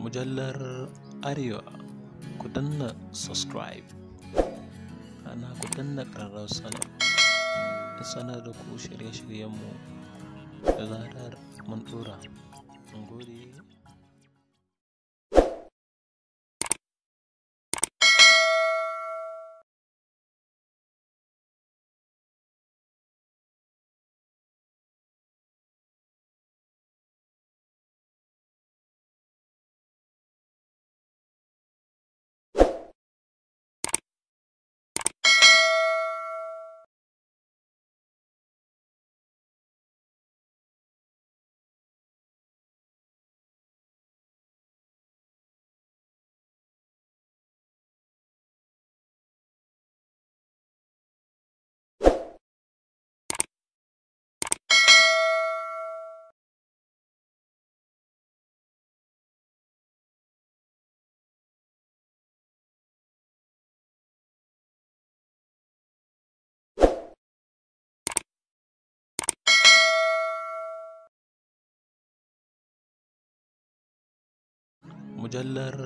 mujallar Arewa ku danna subscribe ana ku danna ƙararrar sanar da sanar da ku shirye-shiryenmu da zarar mun ɗora. gode. mujallar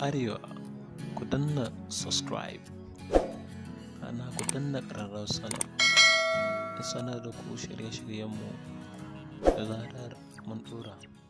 Arewa ku danna subscribe ana ku danna ƙararrar sanarwa da sanar da ku shirye-shiryenmu da zarar mun ɗora.